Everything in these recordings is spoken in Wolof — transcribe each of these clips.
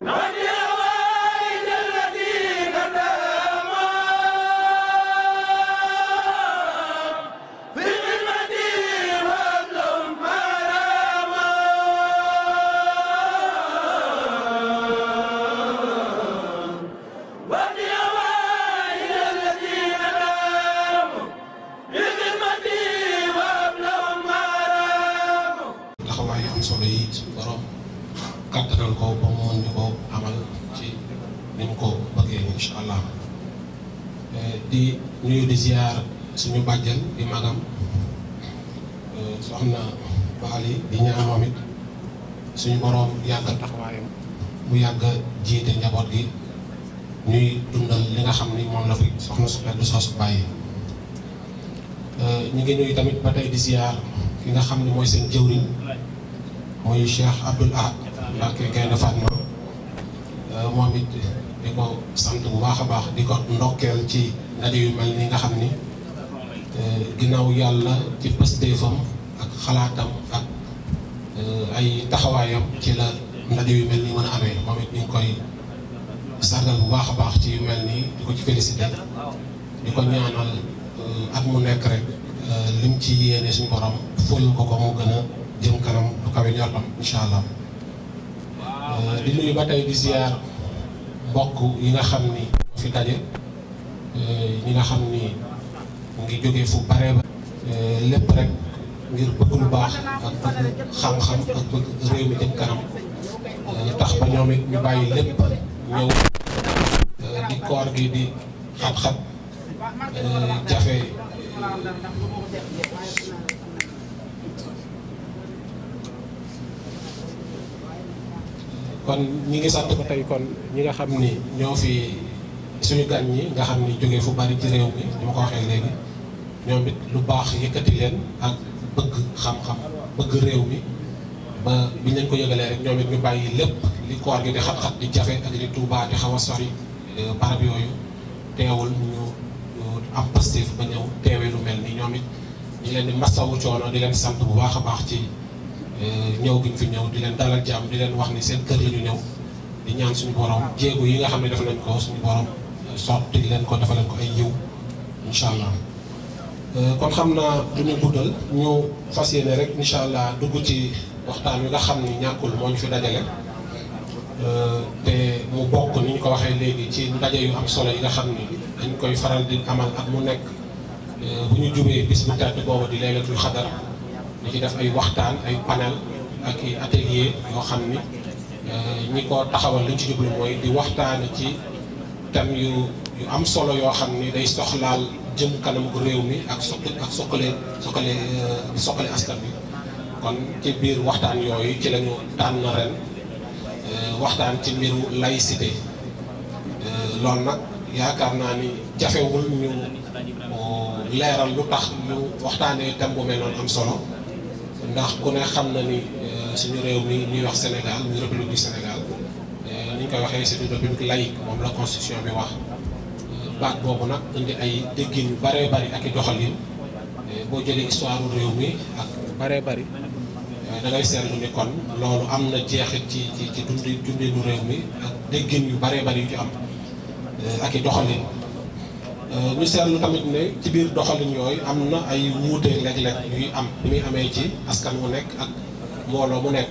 Навек! tamit ba tey di ziar ki nga xam ne mooy seen jëwriñ mooy Cheikh Abdoul Ahad Mbacké Gaynde Fatma euh, moom it di ko sant bu baax a baax di ko ndokkeel ci ndaje yu mel ni nga xam ni euh, ginnaaw yàlla ci ak xalaatam euh, ay taxawaayam ci la ndaje yu mel a amee moom it ñu koy sargal bu baax a baax ci yu mel ni di ko ci félicité di ko ñaanal at mu nekk rek Euh, lim ci yéene suñu borom ful ko ko mu gën a jëm kanam lu kawe njortam incha allah euh, di nuyu ba tey di ziar mbokk yi nga xam ni fi daje euh, ñi nga xam ni ngi jógee fu bare ba lépp rek ngir bëgg lu baax ak bëgg xam-xam ak bëgg réew mi jëm kanam tax ba ñoom it ñu bàyyi lépp ñëw di koor gi di xat-xat jafe kon ñi ngi sant ko tey kon ñi nga xam ni ñoo fi suñu gan ñi nga xam ni jóge fu bari ci réew mi ni ma ko waxee léegi ñoom it lu baax yëkkati leen ak bëgg xam-xam bëgg réew mi ba biñ leen ko yëgalee rek ñoom it ñu bàyyi lépp li koor gi di xat-xat di jafe ak li Tuubaa di xaw a sori eh, barab yooyu teewul ñu. am Pastef ba ñëw teewee lu mel ni ñoom it di leen di masawu coono di leen sant bu baax a baax ci eh, ñëw gi ñu fi ñëw di leen dalal jàmm di leen wax ni seen kër la ñu ñëw di ñaan suñu borom jéego yi nga xam ne def nañ ko suñu borom eh, sotti leen ko defal leen ko ay yiw incha allah. Eh, kon xam naa du ñu guddal ñu fas yéene rek incha allah dugg ci waxtaan wi nga xam ni ñàkkul moo ñu fi dajale te mu bokk ni ñu ko waxee léegi ci ndaje yu am solo yi nga xam dañ koy faral di amal at mu nekk eh, bu ñu jubee bis bu tedd boobu di laylatul xadar di ci def ay waxtaan ay panel ak i atelier yoo xam ni eh, ñi ko taxawal li ñu ci jublu mooy di waxtaan ci thème yu am solo yoo xam ni day soxlaal jëm kanam gu réew mi ak soq ak soqale soqale eh, soqale askan bi kon ci biir waxtaan yooyu ci lañu tànn ren waxtaan ci mbiru laïcité loolu nag yaakaar naa ni jafewul ñu euh, leeral lu tax ñu waxtaanee thème bu mel noonu am solo ndax ku ne xam na ni euh, suñu réew mi ñuy wax Sénégal muy république du Sénégal euh, ni ñu koy waxee c'est une république laïque moom la constitution bi wax baat boobu nag indi ay déggin yu bëree bëri ak i doxalin boo jëlee histoire réew mi ak bëree bari da ngay seetlu ni kon loolu am na jeexit ci ci ci dundi dundinu réew mi ak déggin yu bëree bari yu ci am Eh, ak i doxalin eh, tamit ne ci biir doxalin yooyu am na ay wuute léeg-léeg yuy am li muy amee ci askan wu nekk ak mbooloo mu nekk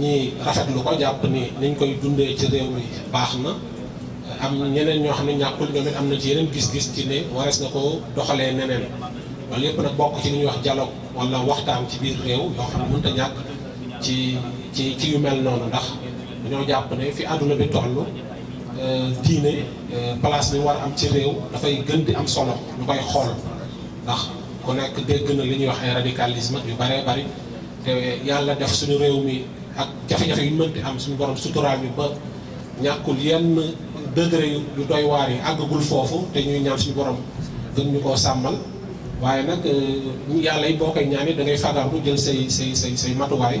ñii rafetlu ko jàpp ni niñ koy dundee ci réew mi baax na eh, am ñeneen ñoo xam ne lu ñoom it am na ci yeneen gis-gis ci ne warees na ko doxalee neneen loolu yëpp nag bokk ci li ñuy wax dialogue wala waxtaan ci biir réew yoo xam ne mënut ñàkk ci ci ci yu mel noonu ndax ñoo jàpp ne fi àdduna bi toll Euh, diine euh, place bi war am ci réew dafay gën di am solo ñu koy xool ndax ku nekk dégg na li ñuy wax ay radicalisme yu bëree bari te yàlla def suñu réew mi ak jafe-jafe yu mënti am suñu borom suturaal bi ba ñàkkul yenn degré yu doy waar yi àggagul foofu te ñuy ñaan suñu borom gën ñu ko sàmmal waaye nag euh, yàlla yi boo koy ñaanee da ngay bu jël say say say say matuwaay.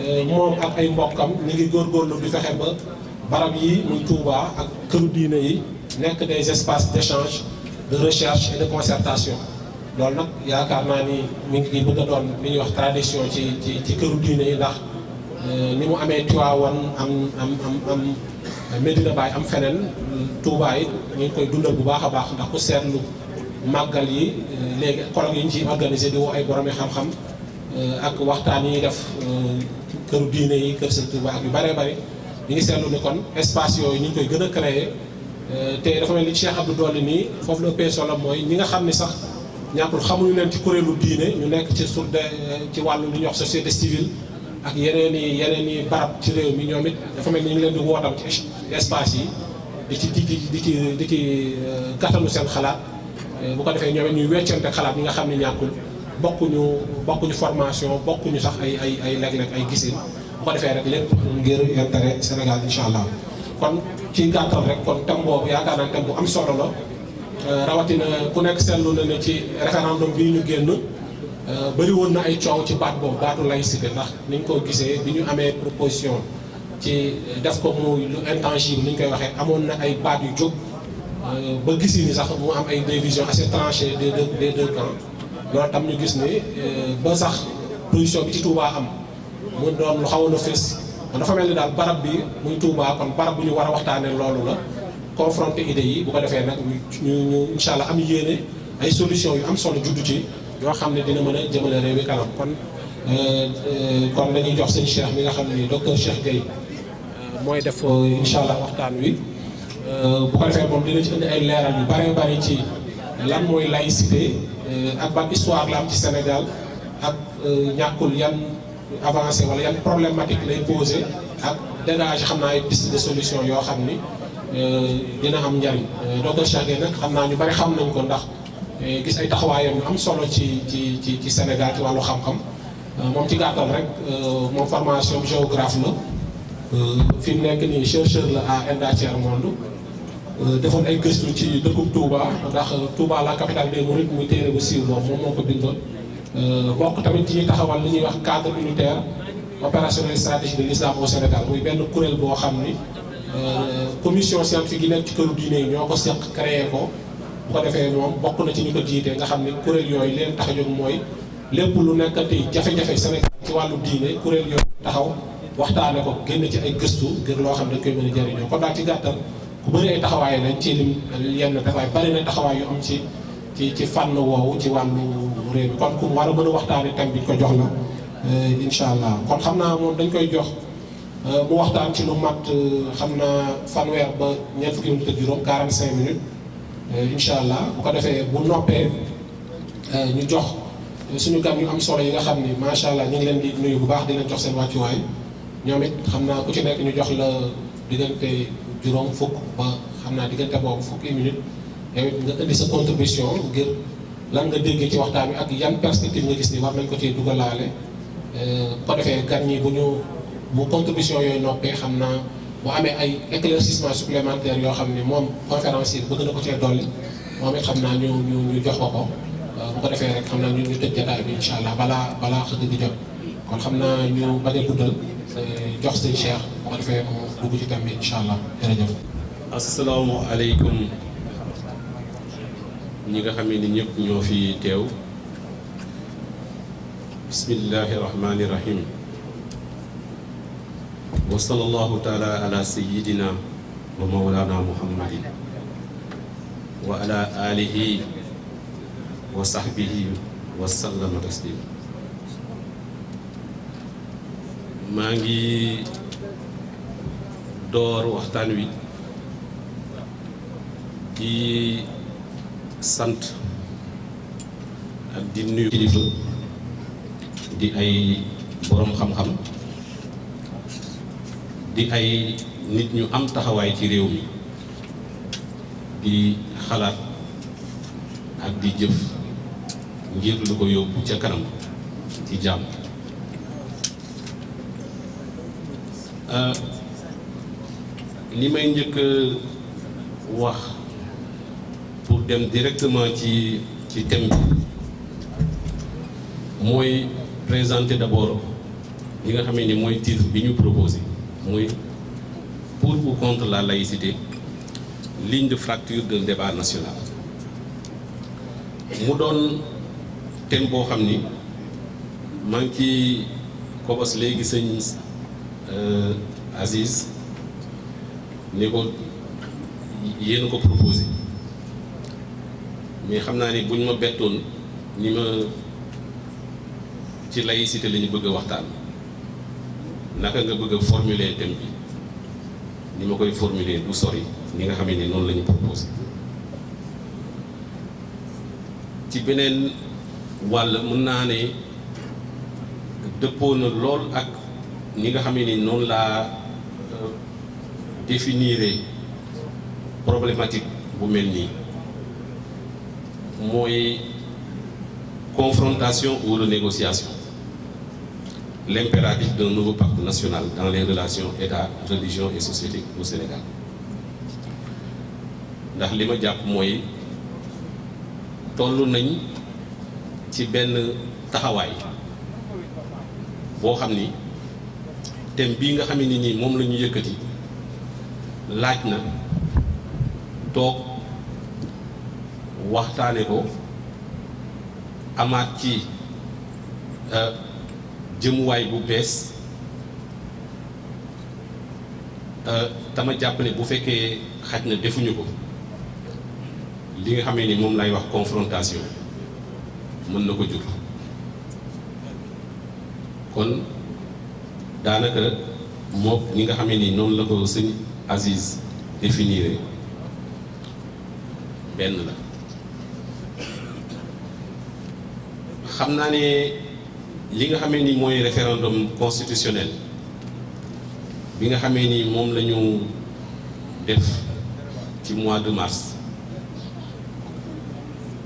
Euh, moom ak ay mbokam ñu ngi gor gor lu di fexe ba barab yi muy Touba ak këru diine yi nek des espaces d'échange de recherche et de concertation loolu nak yaakaar naa ni mi ngi bëgg a doon li ñuy wax tradition ci ci ci këru diine yi ndax euh, ni mu amee won am am am am Medina Baye am feneen Touba yi ñu koy dundal bu baax a baax ndax ku seetlu màggal yi euh, léegi kolog yi ñu ciy organisé di wo ay borom xam-xam. Euh, ak waxtaan yi ñuy def euh, këru diine yi kër sa Tuuba ak yu bëree bëri ñu ngi seetlu ni kon espace yooyu ñu ngi koy gën a créer euh, te dafa mel ni Cheikh Abdou Dolli nii foofu la pexe solo mooy ñi nga xam ne sax ñàkkul xamuñu leen ci kuréelu diine ñu nekk ci sur ci wàllu li ñuy wax société civile ak yeneen i yeneen yi barab ci réew mi ñoom it dafa mel ni ñu ngi leen di wootam ci espace yi di ci di ci di ci di ci kattanu seen xalaat bu ko defee ñoom it ñuy weccante xalaat ñi nga xam ne ñàkkul. bokkuñu bokkuñu formation bokkuñu sax ay ay ay léeg-léeg ay gisin bu ko defee rek lépp ngir intérêt Sénégal incha allah kon ci gàttal rek kon thème boobu yaakaar naa thème bu am solo la euh, rawatina ku nekk seetlu na ne ci référendum bii ñu génn euh, bëri woon na ay coow ci baat boobu baatu laïcité ndax niñ ko gisee bi ñu amee proposition ci euh, def ko muy lu intangible ni ñu koy waxee amoon na ay baat yu jóg ba gis ni sax mu am ay division assez tranchée des deux des loolu tam ñu gis ni euh, ba sax production bi ci Touba am mu doon lu xawoon a fés dafa mel ni daal barab bi muy tuubaa kon barab bu ñu war a waxtaanee loolu la confronter idées yi bu ko defee nag ñu ñu incha allah am yéene ay solution am solo juddu yoo xam ne dina mën a jëmale réew mi kanam kon euh, kon dañuy jox seen cheikh mi nga xam ni docteur Cheikh Gueye euh, mooy def incha waxtaan wi bu ko defee ay leeral yu bare ci lan mooy laïcité. Euh, ak ban histoire la am ci Sénégal ak euh, ñakul yam avancer wala yam problématique lay poser ak dégager xam naa ay piste de solution yoo xam ni euh, dina am njariñ docteur chagne nak xamna ñu bari xam nañ ko ndax gis ay taxawaayam am solo ci ci ci Sénégal ci wàllu xam-xam mom ci gàttal rek mom formation géographe la fi nek ni chercheur la à ENDA tiers monde Euh, defoon ay gëstu ci dëkkub Touba ndax euh, Touba la capitale des Mourides muy téere bu siiw boobu moom moo ko bindoon euh, bokk tamit ci ñuy taxawal li ñuy wax cadre unitaire opérationnel stratégie de l'islam au Sénégal muy benn kuréel boo xam ni commission scientifique yi nekk ci këru diine yi ñoo ko seq créé ko bu ko defee moom bokk na ci ñu ko jiitee nga xam ni kuréel yooyu leen tax mooy lépp lu nekkati jafe-jafe Sénégal ci wàllu diine kuréel yooyu taxaw waxtaane ko génn ci ay gëstu ngir loo xam ne dañ koy mën a jëriñoo kon daal ci ku bëri ay taxawaay lañ ci yenn taxawaay bëri na taxawaay yu am ci ci ci fànn woowu ci wàllu réew mi kon ku war a mën a waxtaanee bi ko jox la euh, incha allah kon xam naa moom dañ koy jox euh, mu waxtaan ci lu mat euh, xam naa fanweer ba ñeent fukki minutes ak juróom 45 minutes incha allah bu ko defee bu noppee ñu jox suñu gan yu am solo yi nga xam ni macha allah ñu ngi leen di nuyu bu baax di jox seen waay ñoom it xam naa ku ci nekk ñu jox la diggante. juróom fukk ba xam naa diggante boobu fukki minute yow it nga indi sa contribution ngir lan nga déggee ci waxtaan bi ak yan perspective nga gis ni war nañ ko ci dugalaale euh, ko defee gan ñi bu ñu bu contribution yooyu noppee xam naa bu amee ay éclaircissement supplémentaire yoo xam ni moom conférencier bëgg na ko cee dolli moom it xam naa ñu ñu ñu jox ko ko euh, bu ko defee rek xam naa ñu ñu tëj jataay bi incha allah balaa balaa xëgg di jot kon xam naa ñu bañ a guddal jox sëñ Cheikh bu ko defee mu dugg ci thème bi incha allah jërëjëf. asalaamualeykum ñi nga xam ne ñëpp ñoo fi teew. bismillahi rahmaani rahim. wa sallallahu taala ala sayyidina wa mawlana muhammadin wa ala alihi wa sahbihi wa sallama taslima maa ngi door waxtaan wi di sant ak di nuyu kilifa di ay boroom xam-xam di ay nit ñu am taxawaay ci réew mi di xalaat ak di jëf ngir lu ko yóbbu ca kanam ci jàmm Euh, li may wax pour dem directement ci ci thème bi mooy présenter d'abord li nga xamee ni mooy titre bi ñu proposé pour ou contre la laïcité ligne de fracture d'un débat national mu doon thème boo je ni maa ngi ci kobos léegi sëñ Euh, Aziz ni ko yéen ko proposé mais xam naa ni buñ ma bettoon ni ma ci laïcité la ñu bëgg a waxtaan naka nga bëgg a formuler thème bi ma koy formuler du sori ni nga xam ne noonu la ñu ci beneen wàll mën naa ne dëppoo na lool ak. ni nga xamé ni non la euh, définiré problématique bu melni moy confrontation ou renégociation l'impératif d'un nouveau pacte national dans les relations état religion et société au Sénégal ndax lima japp moy tollu toll nañ ci benn taxaway bo xam thème bii nga xam ne nii moom la ñu yëkkati laaj na toog waxtaane ko amaat ci euh, jëmuwaay bu bees tama euh, jàpp ne bu fekkee xaj na defuñu ko li nga xamee ni moom lay wax confrontation mën na ko jur kon daanaka moom ñi nga xamee ni noonu la ko sëñ Aziz définiré benn la xam naa ne li nga xamee ni mooy référendum constitutionnel bi nga xamee ni moom la ñu def ci mois de mars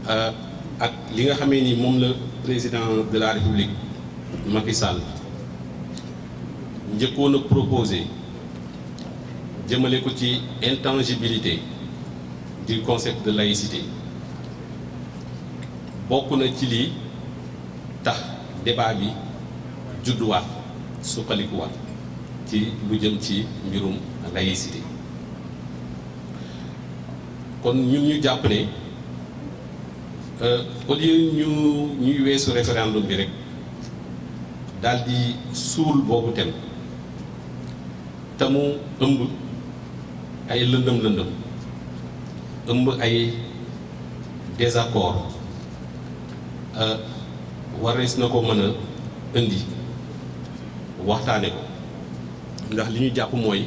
euh, ak li nga xamee ni moom la président de la république Macky Sall njëkkoon a proposé jëmale ko ci intangibilité du concept de laïcité Beaucoup na Chili, ta tax débat bi judduwaat suqalikuwaat ci lu jëm ci laïcité kon ñun ñu jàpp ne euh, au lieu ñu ñuy référendum bi rek daal di sul boobu thème te ëmb ay lëndëm lëndëm ëmb ay désaccord euh, warees na ko mën a indi waxtaane ko ndax li ñu jàpp mooy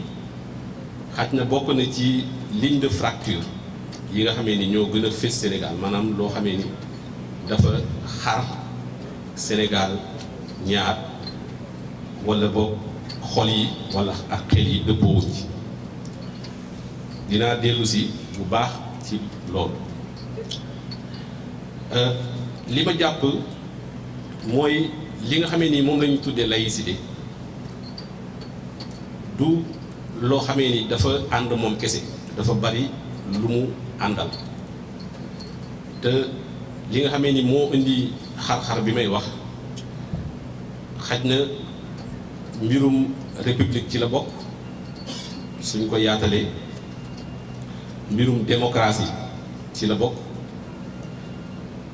xaj na bokk na ci ligne de fracture yi nga xamee ni ñoo gën a fés Sénégal maanaam loo xamee ni dafa xar Sénégal ñaar wala bokk xol yi wala ak xel yi dëppoowuñ ci dinaa dellusi bu baax ci loolu euh, li ma jàpp mooy li nga xame ni moom lañu tuddee laïcité du loo xamee ni dafa ànd moom kese dafa bari lu mu àndal te li nga xame ni moo indi xar-xar bi may wax xaj na mbirum république ci la bokk suñ ko yaatalee mbirum démocratie ci la bokk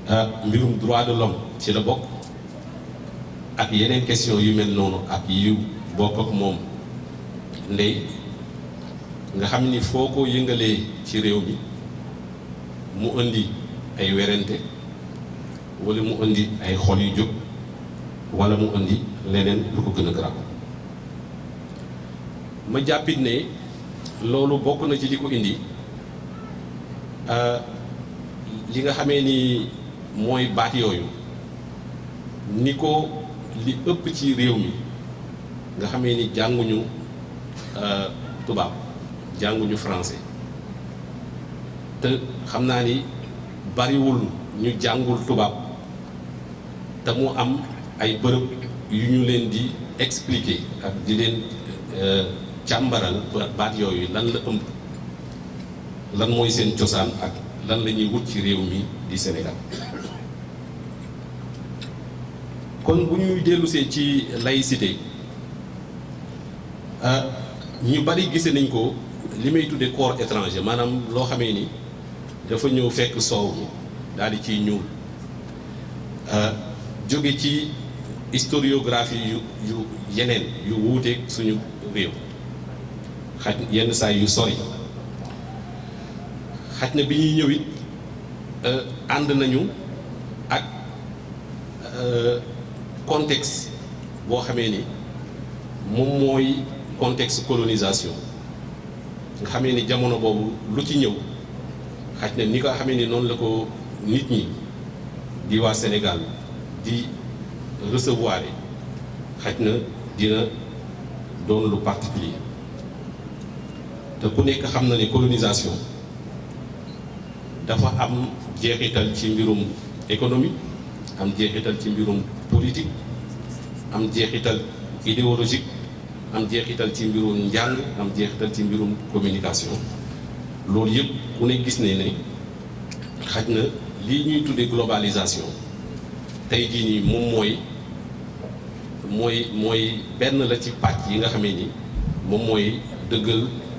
ah, mbirum droit de l'homme ci la bokk ak yeneen question yu mel noonu ak yu bokk ak moom ndey nga xam ni foo ko yëngalee ci réew mi mu indi ay werante walla mu indi ay xol yu jóg walla mu indi leneen lu ko gën a garaaw ma jàppit ne loolu bokk na ci li ko indi euh, li nga xamee ni mooy baat yooyu ni ko li ëpp ci réew mi nga xame ni jànguñu euh, tubaab jànguñu français te xam naa ni bariwul ñu jàngul tubaab te mu am ay bërëb yu ñu leen di expliquer ak di leen euh, càmbaral baat yooyu lan la ëmb lan mooy seen cosaan ak lan la ñuy wut ci réew mi di Sénégal kon bu ñuy dellusee ci laïcité ah, ñu bari gise nañ ko li may tuddee corps étranger maanaam loo xamee ni dafa ñëw fekk soow mi daal di ciy ñuul ah, jóge ci historiographie yu yu yeneen yu wuuteeg suñu réew xaj yenn saa yu sori xaj na bi ñuy ñëw euh, ànd nañu ak euh, contexte boo xamee ni moom mooy contexte colonisation nga xamee ni jamono boobu lu ci ñëw xaj na ni ko xamee ni noonu la ko nit ñi diwaa Sénégal di recevoir yi xaj na dina doon lu particulier te ku nekk xam na ne colonisation dafa am jeexital ci mbirum économie am jeexital ci mbirum politique am jeexital idéologique am jeexital ci mbirum njàng am jeexital ci mbirum communication loolu yëpp ku ne gis ne ne xaj na lii ñuy tuddee globalisation tey jii nii moom mooy mooy mooy benn la ci pàcc yi nga xamee ni moom mooy dëggal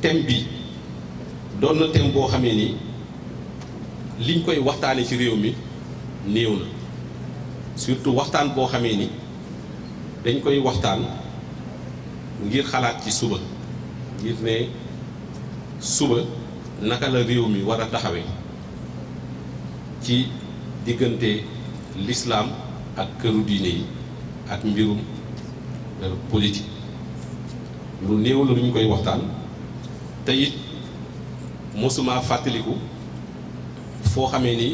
thème bi doon na thème boo xamee ni liñ koy waxtaane ci réew mi néew na surtout waxtaan boo xamee ni dañ koy waxtaan ngir xalaat ci suba ngir ne suba naka la réew mi war a taxawe ci diggante lislaam ak këru diine yi ak mbirum euh, politique lu néew la lu koy waxtaan te it mosuma fàttaliku foo xamee ni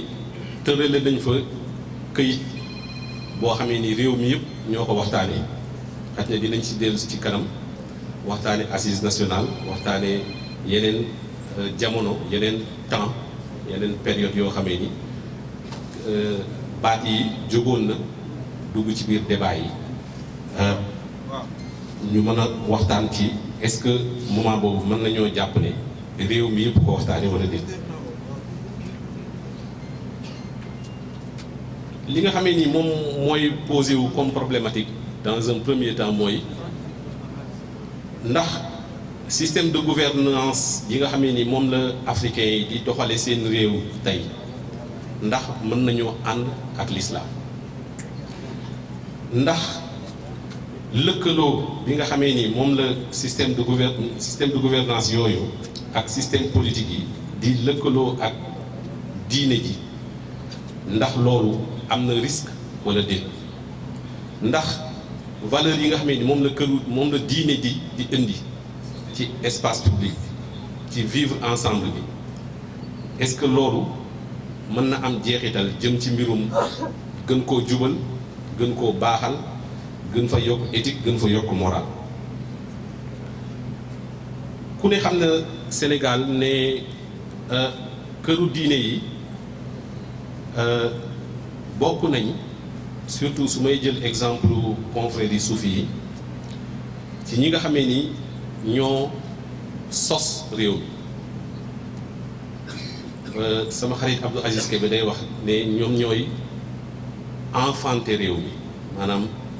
tërale nañ fa këyit boo xamee ni réew mi yëpp ñoo ko waxtaanee xaj na lañ si dellu ci kanam waxtaane assise nationale waxtaane yeneen euh, jamono yeneen temps yeneen période yoo xamee ni euh, baat yi jógoon na dugg ci biir débat yi euh, ñu mën a waxtaan ci est-ce que moment bobu mën nañu japp né réew mi yëpp ko waxtaanee wala déet li nga xamé ni mom moy posé wu comme problématique dans un premier temps moy ndax système de gouvernance yi nga xamé ni mom la africain yi di doxalé seen réew tay ndax mën nañu and ak l'islam ndax le bi nga xamee ni la système de gouvernance, système de gouvernance yooyu ak système politique dit le lëkkaloo ak diine ji ndax loolu am na risque wala déet ndax valeur yi nga xamee ni moom la këru moom la diine ji di indi ci espace public ci vivre ensemble bi est-ce que loolu mën am jeexital jëm ci mbirum gën ko jubal gën ko baaxal gën fa yokk éthique gën fa yokk moral ku ne xam na Sénégal ne euh, këru diine yi euh, bokk nañ surtout su may jël exemple confrères yi soufi yi ci ñi nga xamee ni ñoo sos réew mi euh, sama xarit Abdou Aziz Kébé day wax ne ñoom ñooy enfanté réew mi maanaam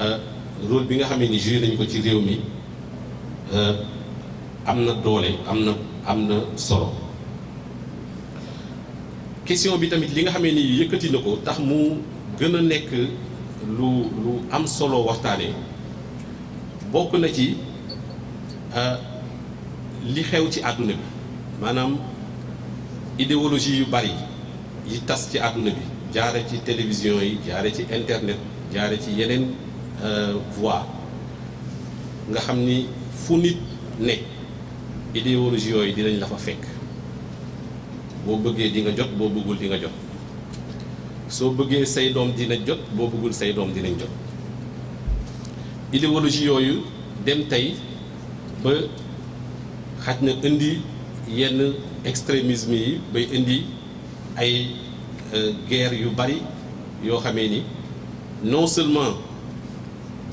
Euh, rôle bi nga xamee ni joué nañu ko ci réew mi euh, am na doole am na am na solo question bi tamit li nga xamee ni yëkkati na ko tax mu gën a nekk lu lu am solo waxtaanee bokk na ci euh, li xew ci àdduna bi maanaam idéologie yu bari yi tas ci àdduna bi jaare ci télévision yi jaare ci internet jaare ci yeneen Euh, voix nga xam fu nit ne dinañ la fa fekk di nga jot bo bëggul di nga jot say doom dina jot boo bëggul say doom dinañ jot idéologie dem ba extrémisme euh, guerre bari non seulement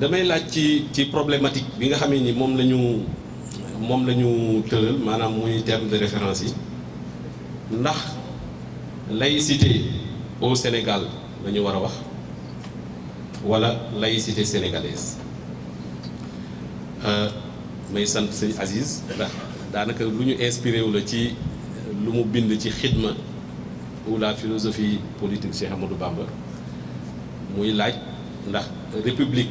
damay laaj ci ci problématique bi nga xamé ni mom lañu mom lañu la manam muy terme de référence yi ndax laïcité au Sénégal la wara wax wala laïcité sénégalaise euh, may sante sëñ Aziz ndax danaka luñu inspiré wu la ci lu mu bind ci xidma ou la philosophie politique Cheikh Amadou Bamba muy laaj ndax république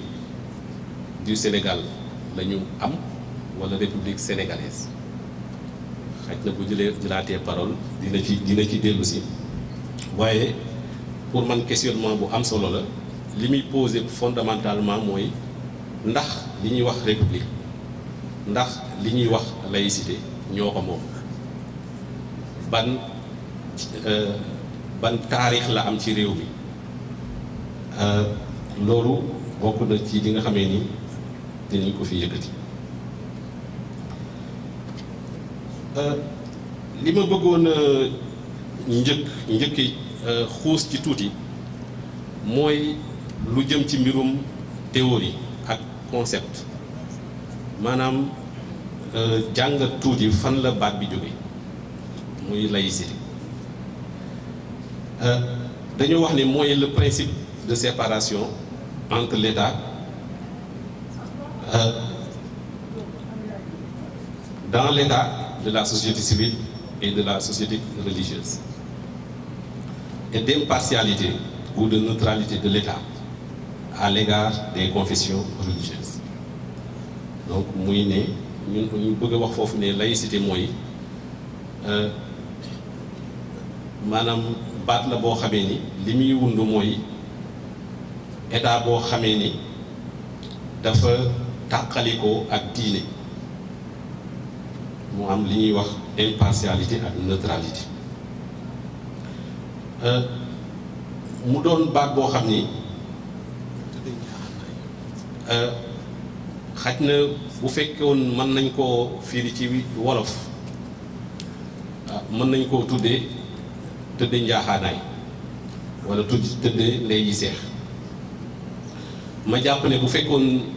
du Sénégal lañu am wala république sénégalaise xaj na bu jëlee jëlaatee parole dina ci dina ci dellu waaye pour man questionnement bu am solo la li muy poser fondamentalement mooy ndax li ñuy wax république ndax li ñuy wax laïcité ñoo ko moom ban euh, ban taarix la am ci réew mi euh, loolu bokk na ci li nga ni dinañ ko fi yëkkati li ma bëggoon euh, njëkk njëkki euh, xuus ci lu jëm ci théorie concept maanaam euh, tuuti fan le principe de séparation entre l'État euh, dans l'état de la société civile et de la société religieuse, et d'impartialité ou de neutralité de l'État à l'égard des confessions religieuses. Donc, nous ne ñun ñu bëgg que wax laïcité Moi, euh, maanaam madame la boo Limi ni li muy Hameni, mooy takaliko ak diine mu am li ñuy wax impartialité ak neutralité euh mu doon baat boo xam ni euh, xaj na bu fekkoon mën nañ koo firi ci wolof ah, mën nañ koo tuddee tëdde njaaxaanaay wala tudd tëdde ndey ji seex ma jàpp ne bu fekkoon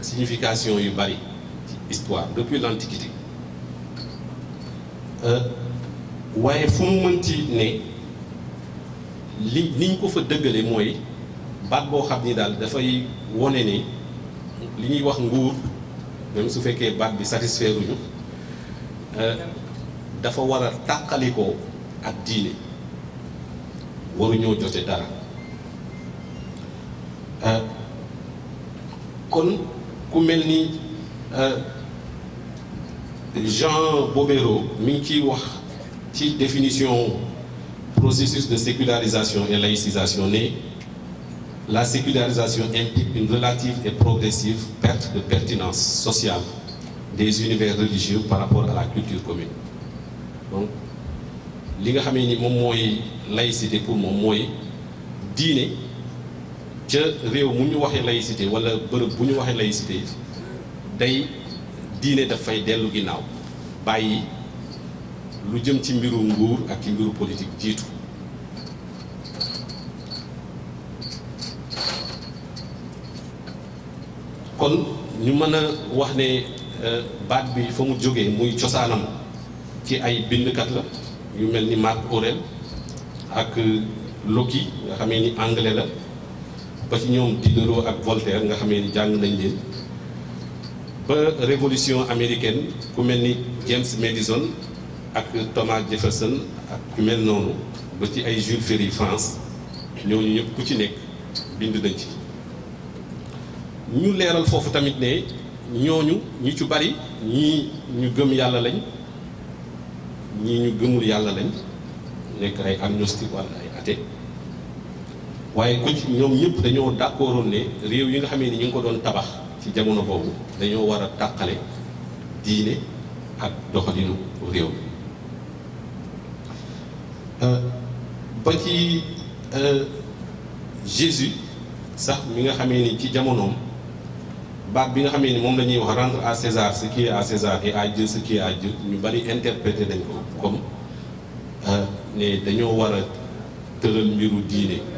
signification yu bari ci histoire depuis l'antiquité euh waaye fu mu mënti ne li niñ ko fa dëggale moy baat bo xamni dal da fay woné ni li ñuy wax nguur même su féké baat bi satisfaire ñu euh, dafa war takaliko ak ak waru waruñoo jote dara euh kon comme euh, Jean Bobero, définition processus de sécularisation et laïcisation la sécularisation implique une relative et progressive perte de pertinence sociale des univers religieux par rapport à la culture commune donc laïcité pour mon c'est ca réew mu ñu waxee laïcité wala bërëb bu ñu waxee laïcité day diine daf dellu ginnaaw bàyyi lu jëm ci mbiru nguur ak ci mbiru politique jiitu kon ñu mën a wax ne euh, baat bi fa mu jógee muy cosaanam ci ay bindkat la yu mel ni Marc Aurèle ak Locke nga xamee ni anglais la ba ci ñoom Diderot ak Voltaire nga xamee ni jàng nañ leen ba révolution américaine ku James Madison ak Thomas Jefferson ak ku mel noonu ba ci ay Jules Ferry France ñooñu ñëpp ku ci nekk bind nañ ci ñu leeral foofu tamit né ñooñu ñi ci bari ñi ñu gëm yalla lañ ñi ñu gëmul yalla lañ nek ay agnostic walla ay athée waaye ku ñoom ñëpp dañoo d'accordoon ne réew yi nga xamee ni ñu ngi ko doon tabax ci jamono boobu dañoo war a tàqale diine ak doxalinu réew euh, ba ci euh, Jésus sax mi nga xamee ni ci jamonoom baat bi nga xamee ni moom la ñuy wax rendre à César ce qui est à César et à Dieu ce qui est à ñu bari interprété nañ ko comme euh, ne dañoo war a tëral mbiru diine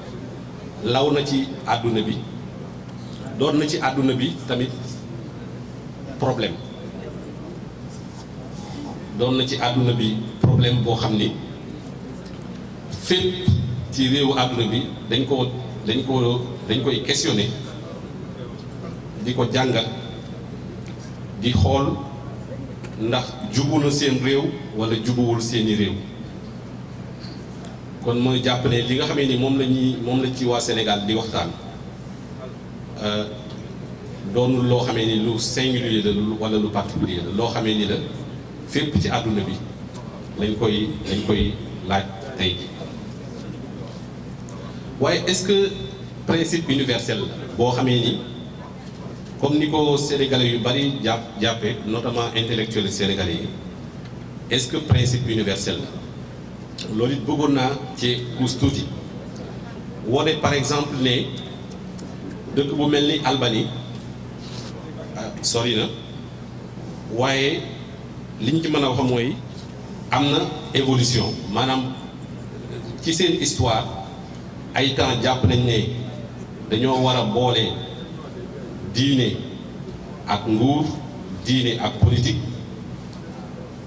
law na ci àdduna bi doon na ci àdduna bi tamit problème doon na ci àdduna bi problème boo xam ni fépp ci réewu àdduna bi dañ ko dañ ko dañ koy questionner di ko jàngat di xool ndax jubu na seen réew wala jubuwul seeni réew kon moy jàpp li nga xamé ni mom lañuy mom la ci wa Sénégal di waxtaan euh, doonul lo xamé ni lu singulier la wala lu particulier la loo xamee ni la fépp ci aduna bi lañ koy lañ koy laaj tay ji est-ce que principe universel bo xamé ni comme niko sénégalais yu bari jàpp notamment intellectuels sénégalais est-ce que principe universel la loolu it bëggoon ci guus tuuti wane par exemple né, dëkk bu mel ni Albanie ah, sori na waaye liñ ci mën wax moy amna évolution manam ci seen histoire ay temps japp nañ né dañoo wara a boole ak nguur diine ak politique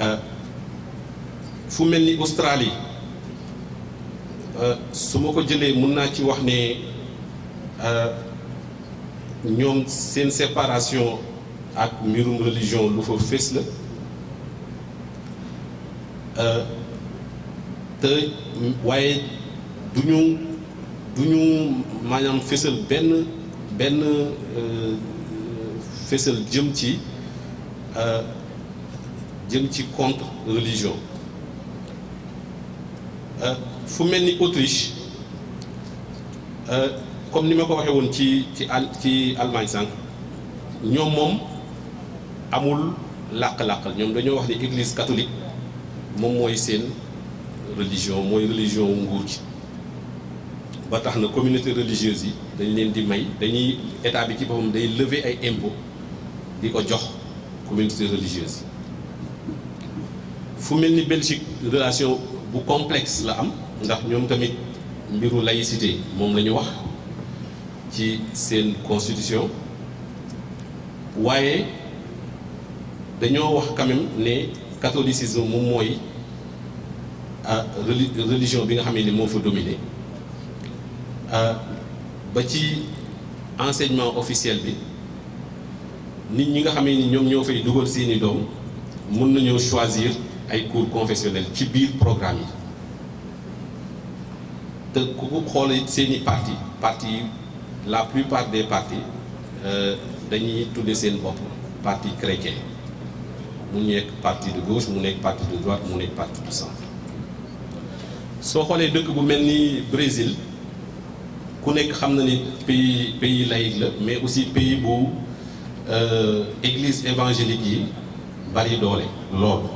Euh, fu mel ni Australie euh, su ma ko jëlee mun naa ci wax ne euh, ñoom seen séparation ak mbirum religion lu fa fés la te waaye du ñu du ñu maanaam fésal benn benn fésal jëm ci jëm ci contre religion euh, fu mel ni Autriche euh, comme ni ma ko waxee woon ci ci ci Allemagne sànq ñoom moom amul làq-làqal ñoom dañoo wax ni église catholique mom moy sen religion moy religion nguur gi ba tax na communauté religieuse yi dañ leen di may dañuy état bi ci boppam day lever ay impôts diko jox communauté religieuse yi fu ni Belgique relation bu complexe la am ndax ñom tamit mbiru laïcité mom lañu wax ci sen constitution wayé dañoo wax quand même ne catholicisme moom mooy ah, religion bi nga xamé ni mo fa dominé ah, ba ci enseignement officiel bi nit ñi nga xamé ni ñom ñoo fay dugal seeni doom mën nañu choisir ay cours confessionnels ci biir programme yi te ku ko parti parti la plupart des partis euh, dañuy tudde seen bopp parti chrétien mu nekk parti de gauche mu nekk parti de droite mu nekk parti du centre soo xoolee dëkk bu mel ni Brésil ku nekk xam na ni pays pays laïque mais aussi pays où euh, église évangélique yi bari doole loolu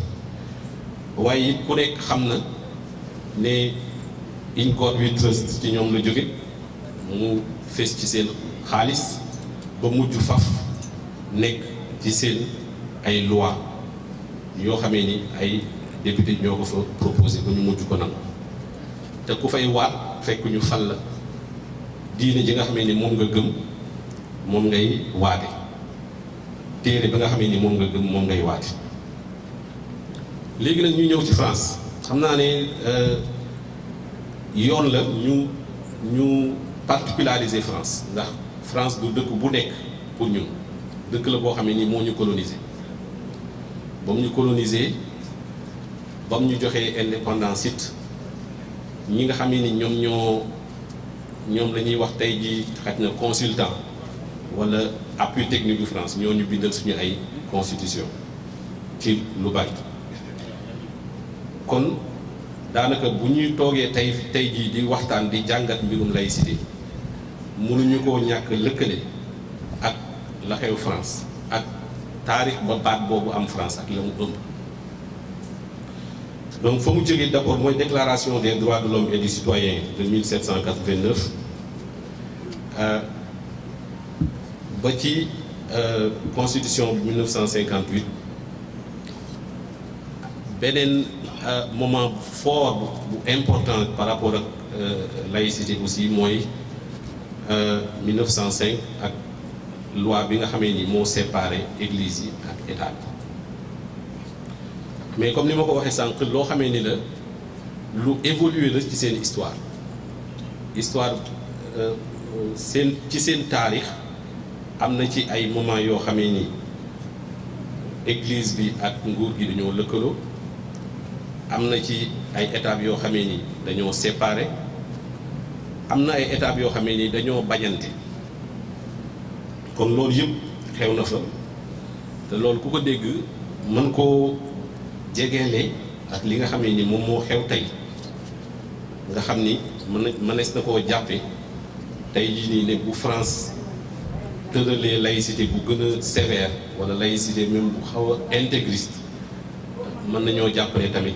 waaye it ku nekk xam na ne In God We Trust ci ñoom la jóge mu fees ci seen xaalis ba mujj faf nekk ci seen ay loi yoo xamee ni ay député ñoo ko fa proposé ba ñu mujj ko nangu te ku fay waat fekk ñu fal la diine ji nga xamee ni moom nga gëm moom ngay waate téere bi nga xamee ni moom nga gëm moom ngay waate légui nag ñu ñëw ci France xamna né euh yoon la ñu ñu particulariser France ndax France du dëkk bu nekk pour ñun dëkk la bo xamé ni nii coloniser. ñu coloniser ba mu ñu colonisé ba ñu joxee indépendance it ñi nga xamé ni ñom ñoo ñom la wax tay ji xatna consultant wala appui technique du France ñoo ñu bindal suñu ay constitution ci lu bari kon daanaka buñuy togué tay tey été jii di waxtaan di jàngat mbirum laïcité mënuñu ko ñàkk lëkkale ak la xew France ak tariq ba baat boobu am France ak la mu donc famu mu d'abord mooy déclaration des droits de l'homme et du citoyen de 1789 euh, ba ci euh, constitution 1958 un euh, moment fort bu important par rapport ak euh, laïcité aussi euh, En 1905 ak loi bi nga xamé ni mo séparé église et état mais comme nous avons ko waxee que loo xamee ni la lu évolué la ci sen histoire histoire seen ci sen taarix amna ci ay moment yo xamé ni église bi ak nguur gi amna ci ay étapes yo xamé ni dañoo séparé amna ay étapes yo sont ni dañoo bañante comme lool yépp xew na fa te ku ko dégg mën le djégélé ak li nga ni xew nga na bu France laïcité bu sévère wala laïcité même bu intégriste mën tamit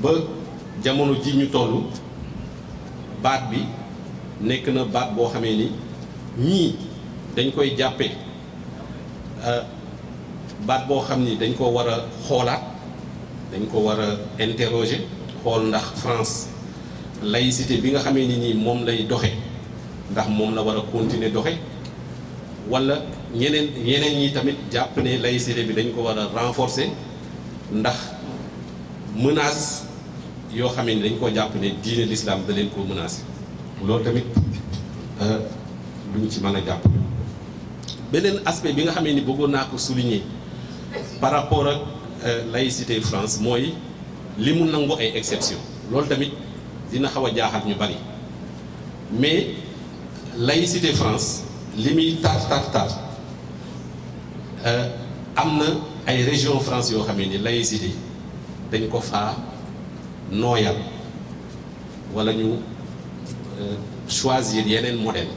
ba jamono ji ñu toll baat bi nekk na baat boo xamee ni ñii dañ koy jàppee euh, baat boo xam ni dañ ko war a xoolaat dañ ko war a interroger xool ndax France laïcité bi nga xamee ni nii moom lay doxe ndax moom la war a continuer doxe wala ñeneen ñeneen ñi tamit jàpp ne laïcité bi dañ ko war a renforcer ndax menace yoo xamee ni dañ koo jàpp ne diine l'islam da leen koo menacé loolu tamit duñ euh, ci mën a jàpp beneen aspect bi nga xamee ni bëggoon naa ko souligner par rapport ak euh, laïcité France mooy li mu nangu ay exception loolu tamit dina xaw a jaaxal ñu bari mais laïcité France li muy tar tar tar euh, am na ay région France yoo xamee ni laïcité dañ ko faa noyal wala ñu euh, choisir yeneen modèle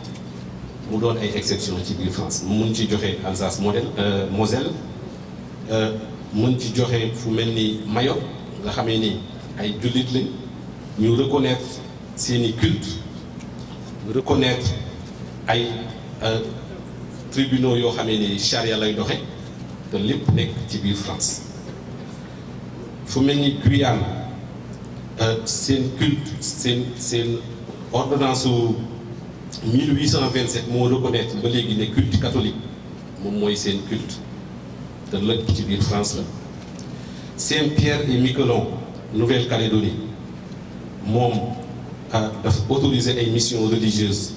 mu doon ay exception ci biir France Nous ci joxe Alsace modèle euh, Moselle euh, Nous ci joxe fu nga xamee ni ay jullit lañ ñu reconnaître seeni culte reconnaître ay tribunaux yoo xamee ni charia lay doxe te lépp nekk ci biir France fu euh, c'est culte c'est ordonnance 1827 Moi, reconnaître le cultes culte catholique Moi, c'est culte de l'autre France Saint-Pierre et Miquelon Nouvelle-Calédonie ont autorisé autoriser une missions religieuses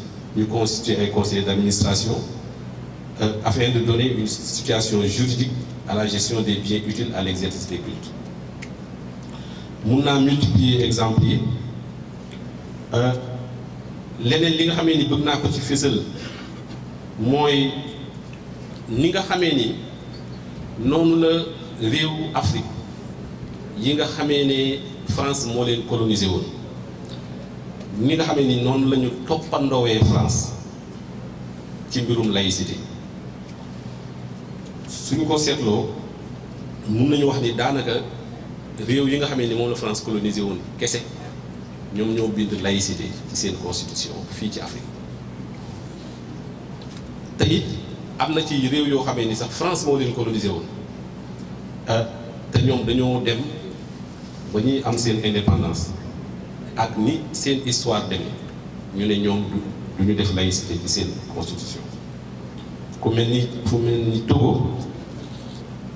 constituer un conseil d'administration euh, afin de donner une situation juridique à la gestion des biens utiles à l'exercice des cultes mun naa multiplier exemple yi euh, leneen li nga xamee ni bëgg naa ko ci fësal mooy ni nga xamee ni noonu la réewu Afrique yi nga xamee ne France moo leen colonisé woon ni nga xamee ni noonu la ñu toppandoowee France ci mbirum laïcité suñu ko seetloo mun nañu wax ni daanaka. réew yi nga xamé ni moom la France colonisé won kessé ñoom ñoo bind laïcité ci seen constitution fi ci Afrique te amna ci réew yo xamé ni sax France mo leen colonisé won euh ah, té ñoom dañoo dem ba ñi am seen indépendance ak ni seen histoire demee ñu ne ñoom duñu def laïcité ci seen constitution ku mel ni fu mel ni Togo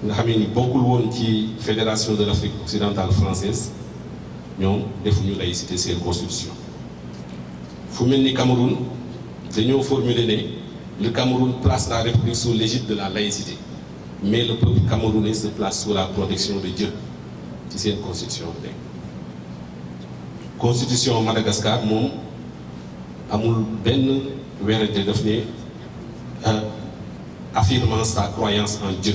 nous avons beaucoup de ci fédération de l'Afrique occidentale française ñoom la laïcité une constitution fu le Cameroun, Cameroun avons formulé que le Cameroun place la république sous l'égide de la laïcité mais le peuple camerounais se place sous la protection de Dieu C'est une constitution La constitution Madagascar mon amul benn vérité. Euh, affirmant sa croyance en Dieu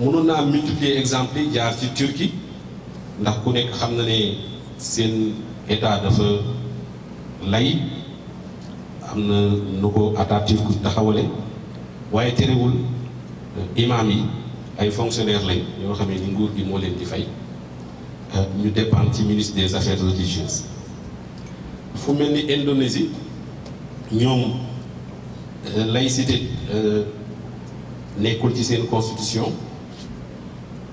mënoon naa multiplier exemple yi jaar ci Turquie ndax ku nekk xam état dafa am na nu ko taxawale euh, imam yi ay fonctionnaires lañ nguur euh, ministre des affaires religieuses Nous ni Indonésie euh, laïcité ci constitution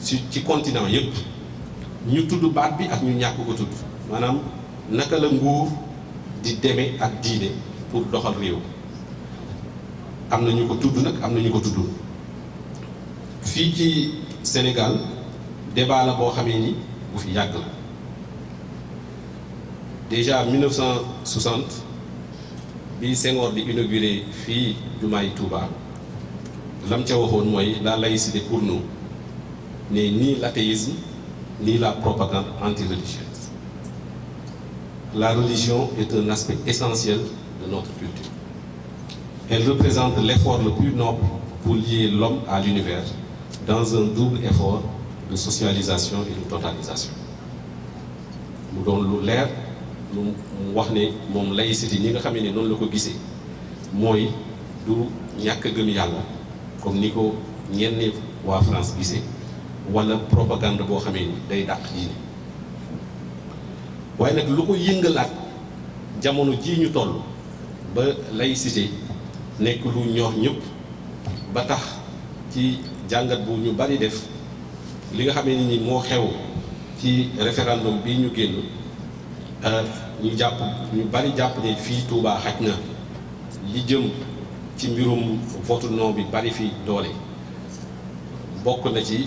si ci continent yépp ñu tudd baat bi ak ñu ñàkk ko tudd maanaam naka la nguur di demee ak diine pour doxal réew am na ñu ko tudd nag am na ñu ko tudd fii ci Sénégal débat la boo xamee ni bu fi yàgg la déjà 1960 bi Senghor di inauguré fii jumaay Touba lam ca waxoon mooy la laïcité pour nous n'est ni l'athéisme, ni la propagande anti-religieuse. La religion est un aspect essentiel de notre culture. Elle représente l'effort le plus noble pour lier l'homme à l'univers dans un double effort de socialisation et de totalisation. Nous l'air laïcité comme France wala propagande boo xamee ni day dàq diine waaye nag lu ko yëngalaat jamono jii ñu toll ba laïcité nekk lu ñor ñëpp ba tax ci jàngat bu ñu bari def li nga xamee ni moo xew ci référendum bi ñu génn euh, ñu jàpp ñu bari jàpp ne fii Touba xaj na li jëm ci mbirum vote non bi bari fi doole bokk na ci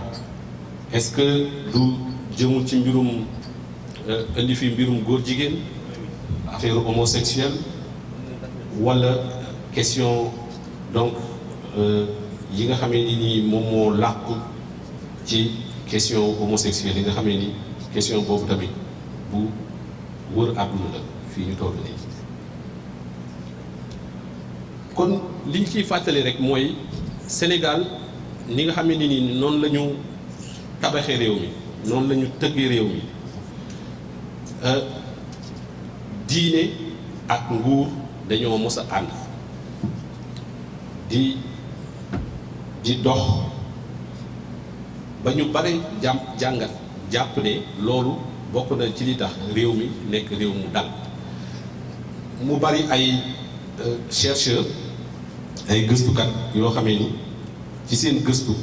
est-ce que du jëmul ci mbirum euh, indi fi mbirum góor jigen affaire homosexuelle wala question donc euh yi nga xamé ni nii moom moo làqu ci question homosexuelle yi nga xamé ni question bobu tamit bu wër àdduna la fii ñu toll nii kon liñ ci fatalé rek moy Sénégal ni nga xamé ni non lañu tabaxee réew mi noonu lañu ñu réew mi euh, diine ak nguur dañoo mës a ànd di di dox ba ñu bare jàm jàngat jàpp loolu bokk na ci li tax réew mi nekk réew mu dal mu bari ay euh, chercheur ay gëstukat yoo xamee ni ci seen gëstu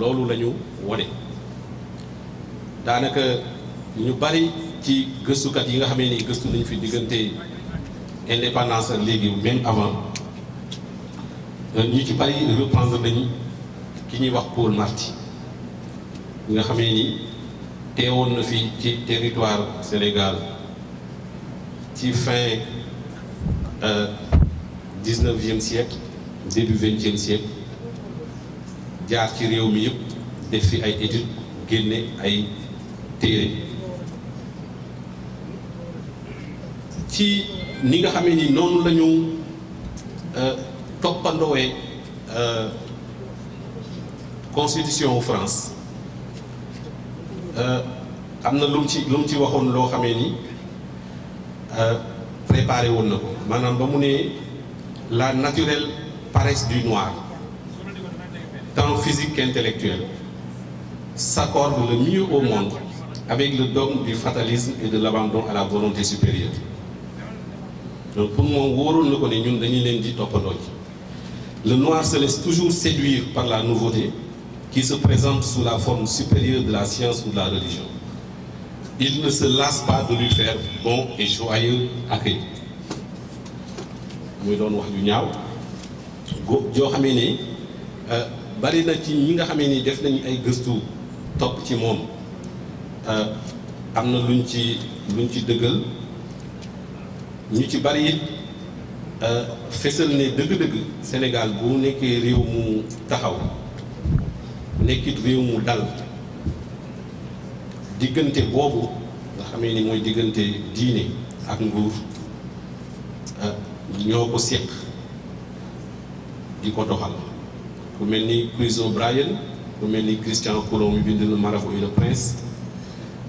loolu lañu ñu danaka ñu bari ci gëstukat yi nga xamé ni geustu nañu fi digënté indépendance légui même avant euh, ñu ci bari reprendre nañu ki ñi wax Paul Marty nga xamé ni téwon na fi ci territoire Sénégal ci fin 19e euh, siècle début 20e siècle jaar ci réew mi yëpp def fi ay études génne ay téere ci ni nga xamé ni noonu la ñu euh, euh constitution France euh amna lu ci lu ci waxone lo xamé ni euh, préparé woon na ko ba mu la naturelle paresse du noir tant physique qu'intellectuel, s'accorde le mieux au monde avec le dogme du fatalisme et de l'abandon à la volonté supérieure donc pour moi, nous ne ko ne ñun dañuy leen di le noir se laisse toujours séduire par la nouveauté qui se présente sous la forme supérieure de la science ou de la religion il ne se lasse pas de lui faire bon et joyeux accueil muy doon wax du ñaaw joo xamee ne euh, bari na ci ñi nga xamee ni def ay Euh, am na luñ ci luñ ci dëggal ñu ci bari it euh, fésal ne dëgg-dëgg Sénégal bu nekkee réew mu taxaw nekkit réew mu dal diggante boobu nga xamee ni mooy diggante diine ak nguur euh, ñoo ko séq di ko doxal ku mel ni Chris O'Brien ku mel ni Christian Coulon bi bind na Marabout et le Prince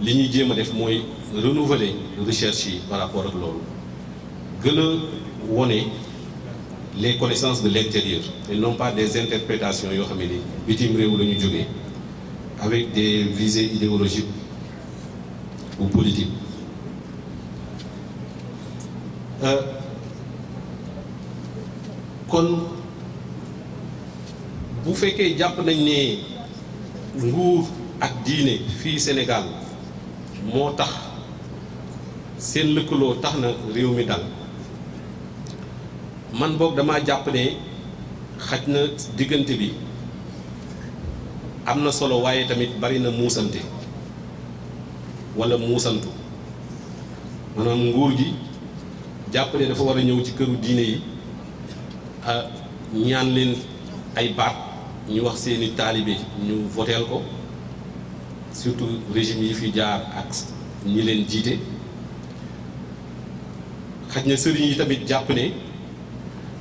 Les renouveler par rapport à l'homme que a les connaissances de l'intérieur et non pas des interprétations avec des visées idéologiques ou politiques euh, kon bu gens jàpp nañ ne nguur ak de Sénégal moo tax seen lëkkaloo tax na réew mi dal man boog dama jàpp ne xaj na diggante bi am na solo waaye tamit bari na muusante wala muusantu maanaam nguur gi jàpp ne dafa war a ñëw ci këru diine yi ah, ñaan leen ay baat ñu wax seeni taalibe ñu voteel ko surtout régime yi fi jaar ak ñi leen jiite xaj na sëriñ yi tamit jàpp ne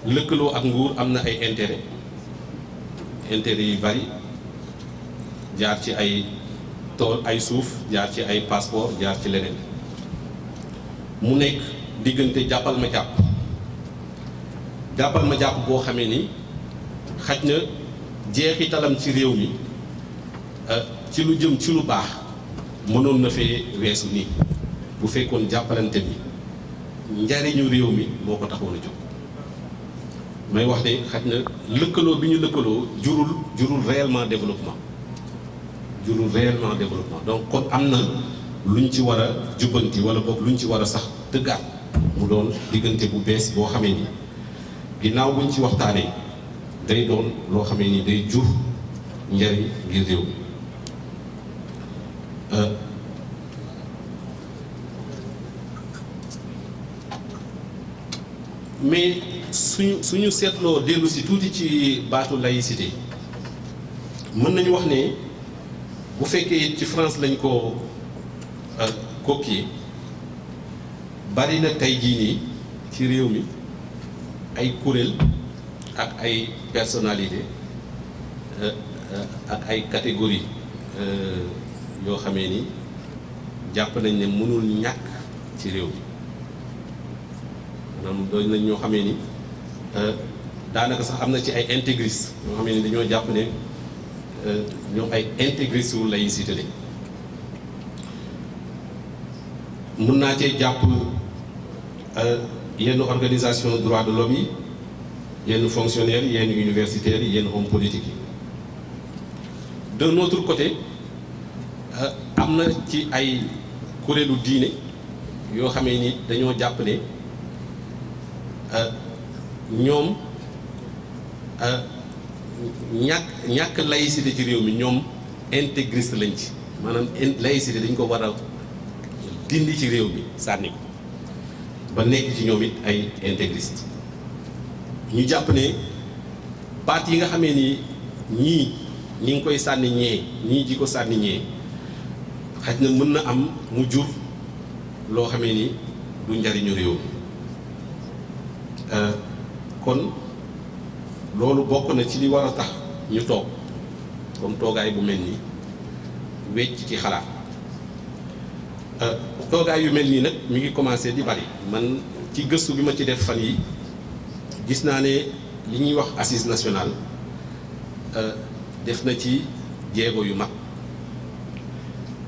lëkkaloo ak nguur am na ay intérêt intérêt yu bari jaar ci ay tool ay suuf jaar ci ay passeport jaar ci leneen mu nekk diggante jàppal ma jàpp jàppal ma jàpp boo xamee ni xaj na jeexi jeexitalam ci réew mi euh, ci lu jëm ci lu baax mënoon na fee weesu nii bu fekkoon jàppalante bi njariñu réew mi boo ko taxoon a jóg may wax ne xaj na lëkkaloo bi ñu lëkkaloo jurul jurul réellement développement jurul réellement développement donc kon am na lu ñu ci war a jubbanti wala boog lu ñu ci war a sax tëggaat mu doon diggante bu bees boo xamee ni ginnaaw bu ñu ci waxtaanee day doon loo xamee nii day jur njariñ ngir réew mi Euh. mais suñu suñu seetloo dellu si tuuti ci baatu layisité mën nañu wax ne bu fekkee ci France lañ ko euh, copier bari na tey jii nii ci réew mi ay kuréel ak ay personnalité euh, ak ay catégorie yoo xamee ni jàpp nañ ne mënul ñàkk ci réew mi maanaam doon nañ ñoo xamee ni euh, daanaka sax am na ci ay integris ñoo xamee ni dañoo jàpp ne euh, ñoom ay intégristes wu laïcité lañ mun naa cee jàpp euh, yenn organisation droit de l'homme yi yenn fonctionnaires yi yenn universitaires yi yenn hommes politiques yi de notre Euh, am na ci ay kuréelu diine yoo xamee ni dañoo jàpp ne euh, ñoom euh, ñàkk ñàkk laïcité ci réew mi ñoom intégriste lañ ci maanaam laïcité dañ ko war a dindi ci réew mi sànni ko ba nekk ci ñoom it ay intégriste ñu jàpp ne baat yi nga xamee ni ñii ñi ngi koy sànni ñee ñii ji ko sànni ñee xaj na mën na am mu jur loo xame ni du njariñu réew mi euh, kon loolu bokk na ci li war a tax ñu toog comme toogaay bu mel nii wecc ci xalaat euh, toogaay yu mel nii nag mu ngi commencé di bari man ci gëstu bi ma ci def fan yi gis naa ne li ñuy wax assise nationale euh, def na ci jéego yu mag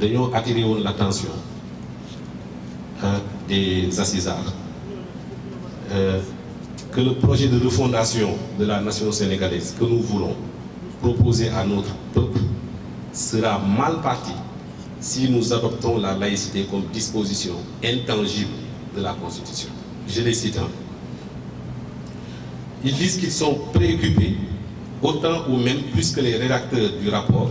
d'ailleurs attiré l'attention hein, des assisards euh, que le projet de refondation de la nation sénégalaise que nous voulons proposer à notre peuple sera mal parti si nous adoptons la laïcité comme disposition intangible de la Constitution. Je les cite. Hein. Ils disent qu'ils sont préoccupés, autant ou même plus que les rédacteurs du rapport,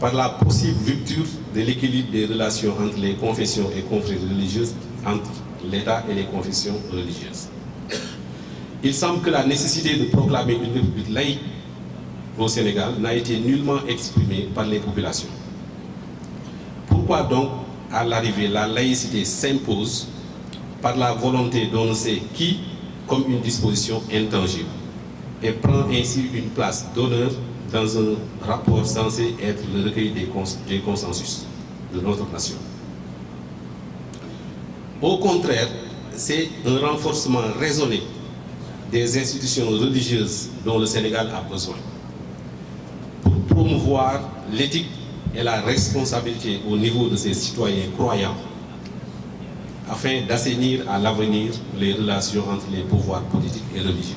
par la possible rupture de l'équilibre des relations entre les confessions et confréries religieuses, entre l'État et les confessions religieuses. Il semble que la nécessité de proclamer une république laïque au Sénégal n'a été nullement exprimée par les populations. Pourquoi donc, à l'arrivée, la laïcité s'impose par la volonté d'on sait qui comme une disposition intangible et prend ainsi une place d'honneur dans un rapport censé être le recueil des, consensus de notre nation. Au contraire, c'est un renforcement raisonné des institutions religieuses dont le Sénégal a besoin pour promouvoir l'éthique et la responsabilité au niveau de ses citoyens croyants afin d'assainir à l'avenir les relations entre les pouvoirs politiques et religieux.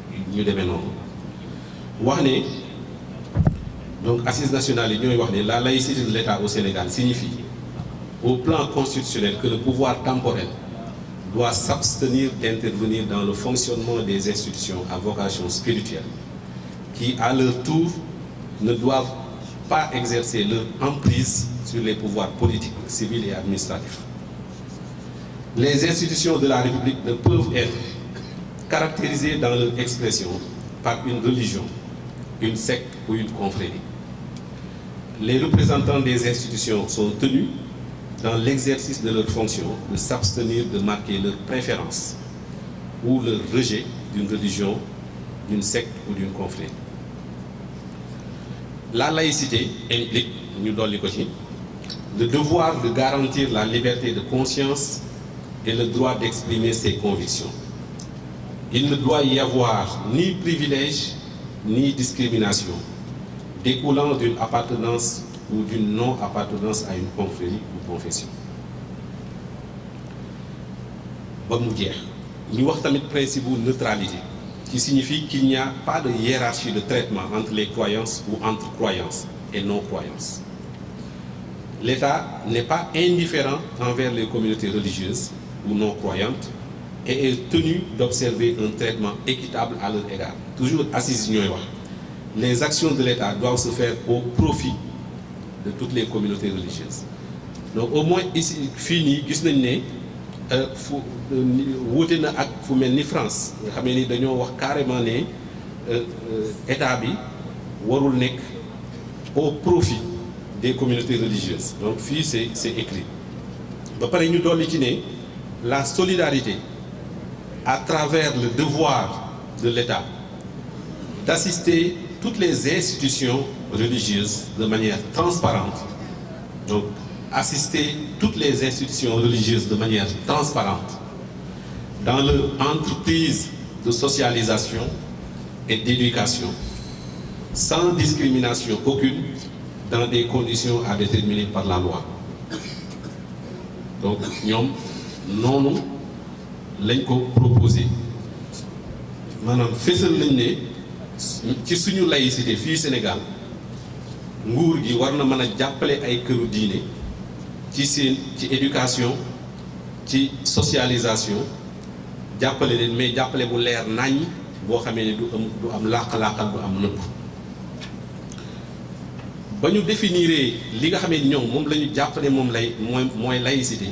ñu demee wax donc Assise nationale ñoy wax la laïcité de l'État au Sénégal signifie au plan constitutionnel que le pouvoir temporel doit s'abstenir d'intervenir dans le fonctionnement des institutions à vocation spirituelle qui à leur tour ne doivent pas exercer leur emprise sur les pouvoirs politiques, civils et administratifs. Les institutions de la République ne peuvent être caractérisés dans leur expression par une religion, une secte ou une confrérie. Les représentants des institutions sont tenus, dans l'exercice de leurs fonctions, de s'abstenir de marquer leur préférence ou le rejet d'une religion, d'une secte ou d'une confrérie. La laïcité implique, nous donne le devoir de garantir la liberté de conscience et le droit d'exprimer ses convictions il ne doit y avoir ni privilège ni discrimination découlant d'une appartenance ou d'une non-appartenance à une confrérie ou confession. Nous avons Nous principe de neutralité qui signifie qu'il n'y a pas de hiérarchie de traitement entre les croyances ou entre croyances et non-croyances. L'État n'est pas indifférent envers les communautés religieuses ou non-croyantes et est tenu d'observer un traitement équitable à leur égard. Toujours assise Les actions de l'État doivent se faire au profit de toutes les communautés religieuses. Donc au moins ici fini gis nañ ne euh, fu euh, France nga carrément établis, euh, état au profit des communautés religieuses donc c'est écrit ba pare ñu ci la solidarité à travers le devoir de l'État d'assister toutes les institutions religieuses de manière transparente. Donc, assister toutes les institutions religieuses de manière transparente dans leur entreprise de socialisation et d'éducation, sans discrimination aucune, dans des conditions à déterminer par la loi. Donc, non non, lañ ko proposé maanaam fésal nañ ne ci suñu laïcité fii Sénégal nguur gi war na mën a jàppale ay këru diine ci seen ci éducation ci socialisation jàppale leen mais jàppale bu leer nañ boo xamee ne du am du am làq-làqal du am nëpp ba ñu définiree li nga xamee ñoom moom la ñu jàpp moom lay mooy mooy laïcité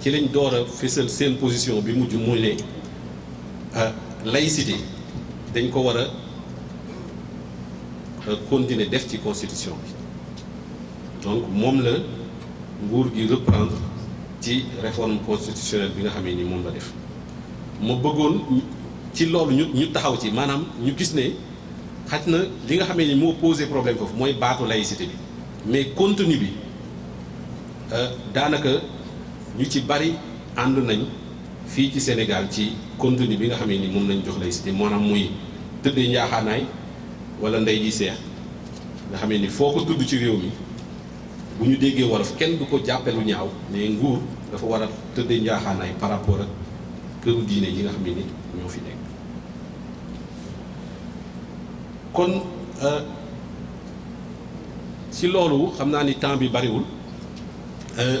ci lañ a position bi ah, laïcité dañ ko euh, continuer constitution donc moom la reprendre ci réforme constitutionnelle bi nga xamee ni Je la def ci ñu ñu taxaw ci ñu gis ne xaj li nga xamee ni moo posé problème mais contenu euh, ñu ci bari ànd nañ fii ci Sénégal ci contenu bi nga xam ne ni moom lañ jox laïcité maanaam muy tëddee njaaxaanaay wala ndey ji seex nga xam ne ni foo ko tudd ci réew mi bu ñu déggee wolof kenn du ko jàppe lu ñaaw mais nguur dafa war a tëddee njaaxaanaay par rapport ak këru diine yi nga xam ne ni ñoo fi nekk kon euh, ci loolu xam naa ni temps bi bariwul euh,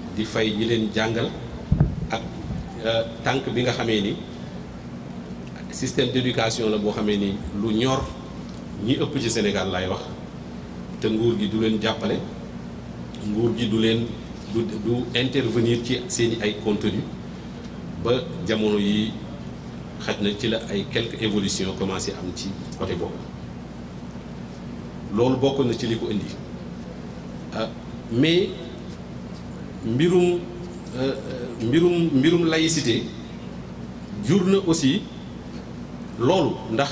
di fay ñi leen jangal ak euh, tank bi nga xamé ni système d'éducation la bo xamé ni lu ñor ñi ëpp ci Sénégal lay wax te nguur gi du leen jappalé nguur gi du leen du du intervenir ci seen ay contenu ba jamono yi xaj ci la ay quelques évolutions commencé am ci côté boobu loolu bokku na ci li ko indi euh, mais Euh, euh, mbirum mbirum mbirum layisité jur na aussi loolu ndax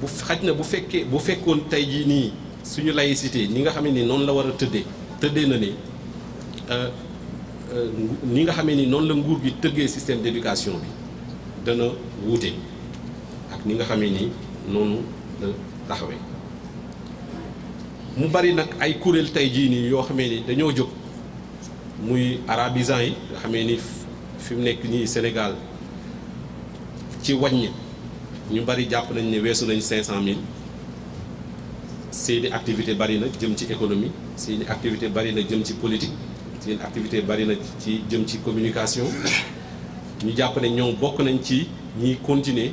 bu xaj na bu fekkee bu fekkoon tey jii nii suñu laïcité ñi nga xame ni noonu la war a tëddee tëddee na ni euh, ni nga xam ni noonu la nguur gi tëggee système d'éducation bi dana wuute ak ni nga xame ni noonu la taxawee mu bari nag ay kuréel tey jii nii yoo xamee ni dañoo jóg. muy arabisant yi nga xamee ni fi mu nekk nii Sénégal ci wàññi ñu bari jàpp nañ ne weesu nañ cinq cent mille seeni activité bari na jëm ci économie seeni activité bari na jëm ci politique seeni activité bari na ci jëm ci communication ñu jàpp nañ ñoom bokk nañ ci ñiy continuer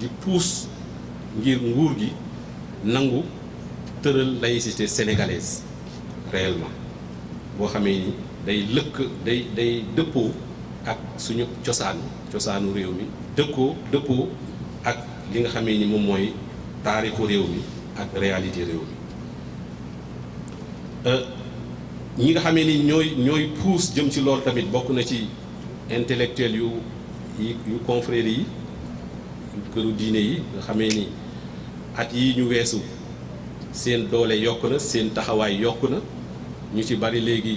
di pousse ngir nguur gi nangu tëral laïcité sénégalaise réellement boo xamee ni day lëkk day day dëppoo ak suñu cosaan cosaanu réew mi dëkkoo dëppoo ak li nga xamee ni moom mooy taarixu réew mi ak réalité réew mi euh, ñi nga xamee ni ñooy ñooy puus jëm ci loolu tamit bokk na ci intellectuel yu yu confrères yi këru diine yi nga xamee ni at yi ñu weesu seen doole yokk na seen taxawaay yokk na ñu ci bari léegi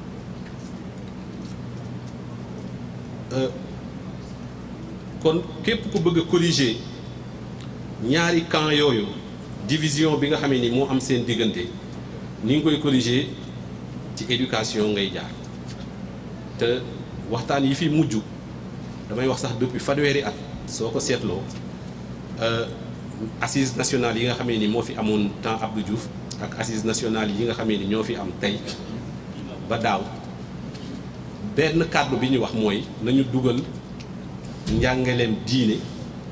Euh, kon képp ku bëgg a ñaari camp yooyu division bi nga xamee ni moo am seen diggante ni nga koy corriger ci éducation ngay jaar te waxtaan yi fi mujj damay wax sax depuis fanweeri at soo ko seetloo euh, assises nationale yi nga xamee ni moo fi amoon temps Abdou Diouf ak assises nationales yi nga xamee ni ñoo fi am tey ba daaw benn kàddu bi ñu wax mooy nañu dugal njàngaleem diine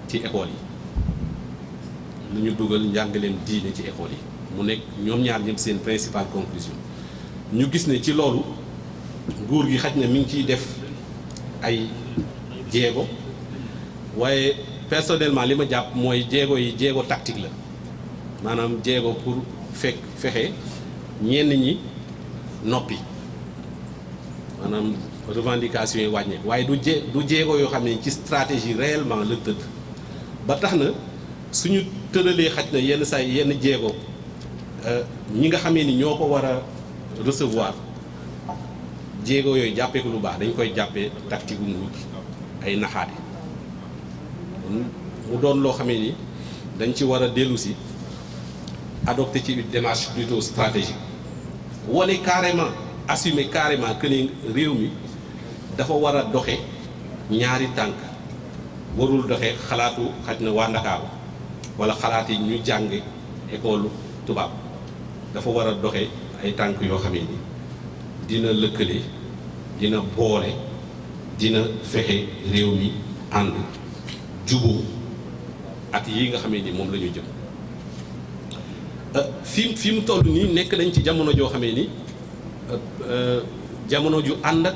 ci école yi nañu dugal njàngaleem diine ci école yi mu nekk ñoom ñaar ñëpp seen principale conclusion ñu gis ne ci loolu nguur gi xaj na mi ngi ciy def ay jéego waaye personnellement li ma jàpp mooy jéego yi jéego tactique la maanaam jéego pour fekk fexe ñenn ñi noppi maanaam revendication yi wàññeeku waaye du jé du djégo yo xamné ci stratégie réellement le tëdd ba taxna suñu tëralee xatna yenn say yenn djégo euh ñi nga xamee ni ñoo ko recevoir djégo yo jàppee ko lu baax dañ koy jappé tactique gu nguur gi ay naxaate mu doon lo xamee ni dañ ci wara a dellu si ci une démarche plutôt stratégique wolé carrément assumer carrément que ni réew mi dafa war a doxe ñaari tànk warul doxe xalaatu xaj na waa Ndakaaru wala xalaat yi ñu jàng école tubaab dafa war a doxe ay tànk yoo xamee ni dina lëkkale dina boole dina fexe réew mi ànd juboo at yi nga xamee ni moom lañu jëm euh, fi fi mu toll nii nekk nañ ci jamono joo xamee ni euh, euh, jamono ju ànd ak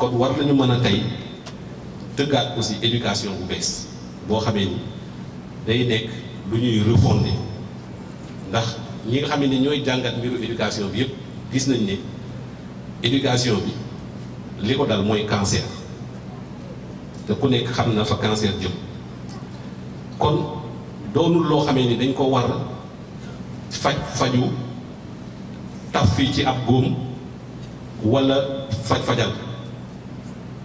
kon war lañu mën a tey tëggaat aussi éducation bu bees boo xamee ni day nekk lu ñuy refonder ndax ñi nga xam ne ñooy jàngat mbiru éducation bi yëpp gis nañ ne éducation bi li ko dal mooy cancer te ku nekk xam na fa cancer jëm kon doonul loo xamee ni dañ ko war faj faju taf fii ci ab góom wala faj-fajal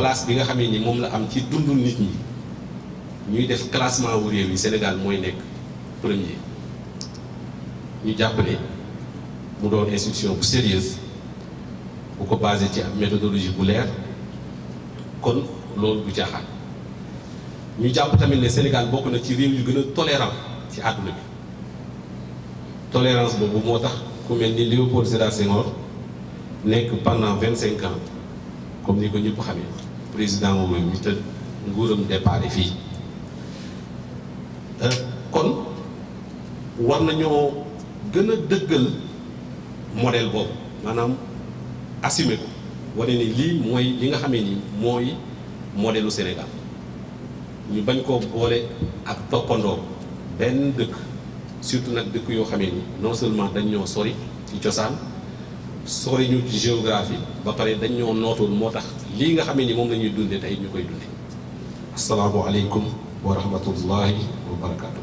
place bi nga xamee ni moom la am ci dundu nit ñi ñuy def classement wu réew yi Sénégal mooy nekk premier ñu jàpp ne mu doon institution bu sérieuse bu ko basé ci ab méthodologie bu leer kon loolu bu caaxaan ñu jàpp tamit ne Sénégal bokk na ci réew yu gën a tolérant ci àdduna bi tolérance boobu moo tax ku mel ni Léopold Sédar Senghor nekk pendant vingt cinq ans comme ni ko ñëpp xamee président moom ñu te nguuram départ fii euh, kon war nañoo gën a dëggal model boobu maanaam assumer ko wane ni lii mooy li nga xamee ni mooy modèle u Sénégal ñu bañ koo boole ak toppandoo benn dëkk surtout nag dëkk yoo xamee ni non seulement dañ ñoo sori ci cosaan sooy ñu ci géographie ba pare dañ ñoo nootul moo tax lii nga xam ni moom la ñuy dundee tey ñu koy dundee. asalaamaaleykum wa rahmatullahi wa barakaatu.